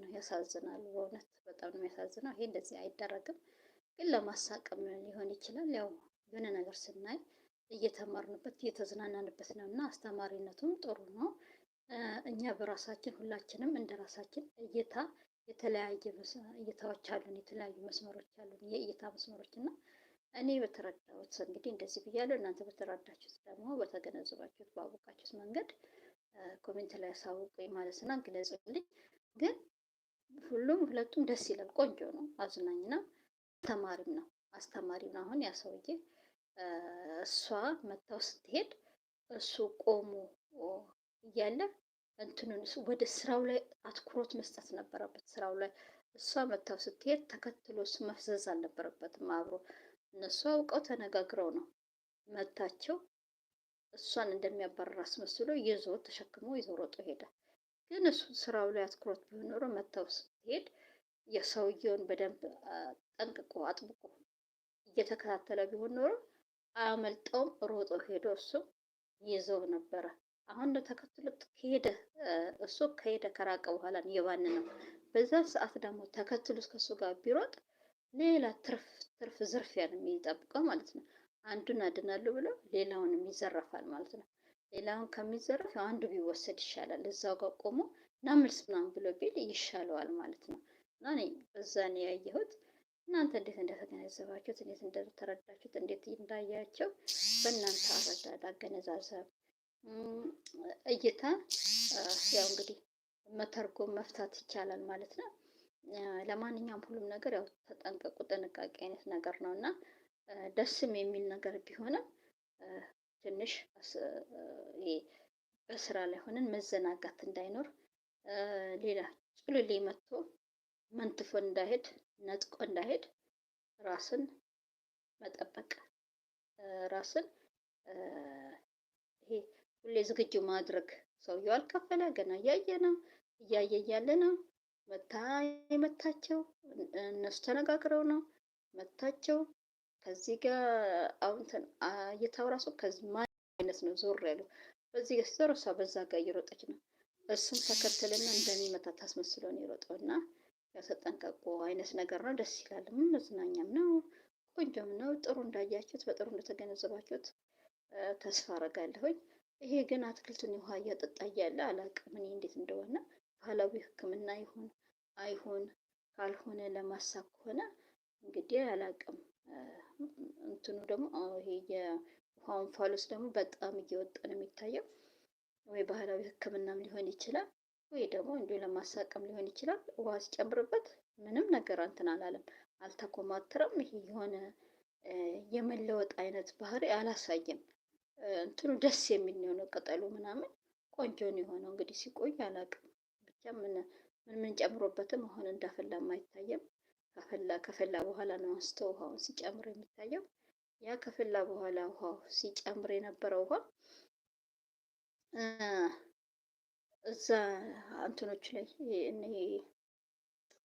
ነው። ያሳዝናሉ። በእውነት በጣም ነው የሚያሳዝነው። ይሄ እንደዚህ አይደረግም፣ ግን ለማሳቀም ሊሆን ይችላል። ያው የሆነ ነገር ስናይ እየተማርንበት እየተዝናናንበት ነው እና አስተማሪነቱም ጥሩ ነው። እኛ በራሳችን ሁላችንም እንደ ራሳችን እይታ የተለያየ እይታዎች አሉን፣ የተለያዩ መስመሮች አሉን፣ የእይታ መስመሮች እና እኔ በተረዳሁት እንግዲህ እንደዚህ ብያለሁ። እናንተ በተረዳችሁት ደግሞ በተገነዘባችሁት ባወቃችሁት መንገድ ኮሜንት ላይ ያሳውቁኝ ማለት ነው። ግለጹልኝ ግን ሁሉም ሁለቱም ደስ ይላል። ቆንጆ ነው። አዝናኝና አስተማሪም ነው። አስተማሪም ነው። አሁን ያ ሰውዬ እሷ መታው ስትሄድ እሱ ቆሞ እያለ እንትኑን ወደ ስራው ላይ አትኩሮት መስጠት ነበረበት። ስራው ላይ እሷ መታው ስትሄድ ተከትሎ መፍዘዝ አልነበረበትም። አብሮ እነሱ አውቀው ተነጋግረው ነው መታቸው እሷን እንደሚያባረር አስመስሎ ይዞ ተሸክሞ ይዞ ሮጦ ሄደ። ግን እሱ ስራው ላይ አትኩሮት ቢሆን ኖሮ መጥተው ስትሄድ የሰውየውን በደንብ ጠንቅቆ አጥብቆ እየተከታተለ ቢሆን ኖሮ አያመልጠውም። ሮጦ ሄዶ እሱ ይዘው ነበረ። አሁን ተከትሎ ከሄደ እሱ ከሄደ ከራቀ በኋላ የባን ነው። በዛ ሰዓት ደግሞ ተከትሎ ከሱ ጋር ቢሮጥ ሌላ ትርፍ ትርፍ ዝርፊያ ነው የሚጠብቀው ማለት ነው። አንዱን አድናለሁ ብሎ ሌላውንም ይዘረፋል ማለት ነው። ሌላውን ከሚዘረፍ አንዱ ቢወሰድ ይሻላል። እዛው ጋር ቆሞ ና መልስ ምናምን ብሎ ቢል ይሻለዋል ማለት ነው። እና እኔ በዛ ነው ያየሁት። እናንተ እንዴት እንደተገነዘባችሁት፣ እንዴት እንደተረዳችሁት፣ እንዴት እንዳያቸው በእናንተ አረዳድ፣ አገነዛዘብ፣ እይታ ያው እንግዲህ መተርጎም መፍታት ይቻላል ማለት ነው። ለማንኛውም ሁሉም ነገር ያው ተጠንቀቁ፣ ጥንቃቄ አይነት ነገር ነው እና ደስም የሚል ነገር ቢሆንም ትንሽ በስራ ላይ ሆነን መዘናጋት እንዳይኖር፣ ሌላ ጭልሌ መጥቶ መንትፎ እንዳይሄድ፣ ነጥቆ እንዳይሄድ ራስን መጠበቅ ራስን ይሄ ሁሌ ዝግጁ ማድረግ። ሰውየው አልከፈለ ገና እያየ ነው እያየ እያለ ነው መታ የመታቸው እነሱ ተነጋግረው ነው መታቸው ከዚህ ጋር አሁን እንትን እይታው ራሱ ከዚህ ማን አይነት ነው ዞር ያለው። በዚህ ጋር ሲዞር እሷ በዛ ጋር እየሮጠች ነው። እሱም ተከተልና እንደሚመታ ታስመስለው ነው የሮጠው እና ተጠንቀቁ አይነት ነገር ነው። ደስ ይላል። ምን መዝናኛም ነው ቆንጆም ነው። ጥሩ እንዳያችሁት በጥሩ እንደተገነዘባችሁት ተስፋ አረጋለሁኝ። ይሄ ግን አትክልቱን ውሃ እያጠጣ እያለ አላቅም እኔ እንዴት እንደሆነ ባህላዊ ሕክምና ይሁን አይሁን ካልሆነ ለማሳብ ከሆነ እንግዲህ አላቅም። እንትኑ ደግሞ ይሄ የውሃውን ፋሎስ ደግሞ በጣም እየወጣ ነው የሚታየው። ወይ ባህላዊ ሕክምናም ሊሆን ይችላል፣ ወይ ደግሞ እንዲሁ ለማሳቀም ሊሆን ይችላል። ውሃ ሲጨምርበት ምንም ነገር እንትን አላለም፣ አልተኮማትረም። ይሄ የሆነ የመለወጥ አይነት ባህሪ አላሳየም። እንትኑ ደስ የሚል ነው ቅጠሉ ምናምን ቆንጆ ነው የሆነው። እንግዲህ ሲቆይ አላቅም ብቻ ምን ምን ጨምሮበትም አሁን እንዳፈላም አይታየም። ከፈላ ከፈላ በኋላ ነው አንስቶ ውሃውን ሲጨምር የሚታየው። ያ ከፈላ በኋላ ውሃው ሲጨምር የነበረው ውሃ እዛ እንትኖች ላይ እኔ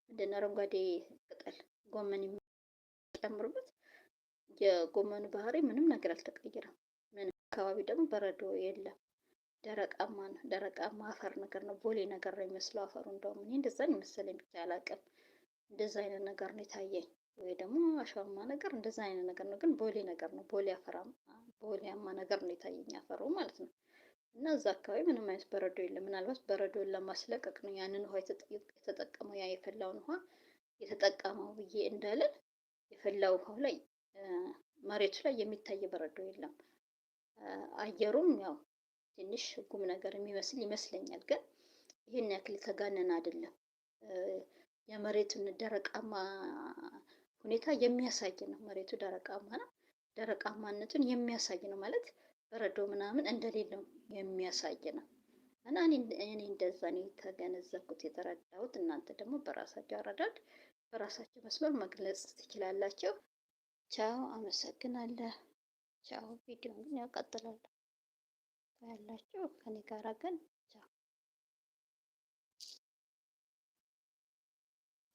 እንደነ አረንጓዴ ቅጠል ጎመን የሚጨምሩበት የጎመኑ ባህሪ ምንም ነገር አልተቀየረም። ምን አካባቢ ደግሞ በረዶ የለም። ደረቃማ ነው። ደረቃማ አፈር ነገር ነው። ቦሌ ነገር ነው የሚመስለው አፈሩ። እንደውም እኔ እንደዛ ነው መሰለኝ፣ ብቻ አላውቅም። እንደዛ አይነት ነገር ነው የታየኝ። ወይ ደግሞ አሸዋማ ነገር እንደዛ አይነት ነገር ነው፣ ግን ቦሌ ነገር ነው። ቦሌ አፈራማ ቦሌያማ ነገር ነው የታየኝ አፈሩ ማለት ነው። እና እዛ አካባቢ ምንም አይነት በረዶ የለም። ምናልባት በረዶን ለማስለቀቅ ነው ያንን ውሃ የተጠቀመው ያ የፈላውን ውሃ የተጠቀመው ብዬ እንዳለ የፈላው ውሃው ላይ መሬቱ ላይ የሚታይ በረዶ የለም። አየሩም ያው ትንሽ ጉም ነገር የሚመስል ይመስለኛል፣ ግን ይህን ያክል ተጋነን አይደለም። የመሬቱን ደረቃማ ሁኔታ የሚያሳይ ነው። መሬቱ ደረቃማ ነው። ደረቃማነቱን የሚያሳይ ነው ማለት በረዶ ምናምን እንደሌለው የሚያሳይ ነው። እና እኔ እንደዛ ነው የተገነዘብኩት የተረዳሁት። እናንተ ደግሞ በራሳቸው አረዳድ በራሳቸው መስመር መግለጽ ትችላላቸው። ቻው፣ አመሰግናለሁ። ቻው። ቪዲዮ ግን ያላችሁ ከኔ ጋራ ግን ቻው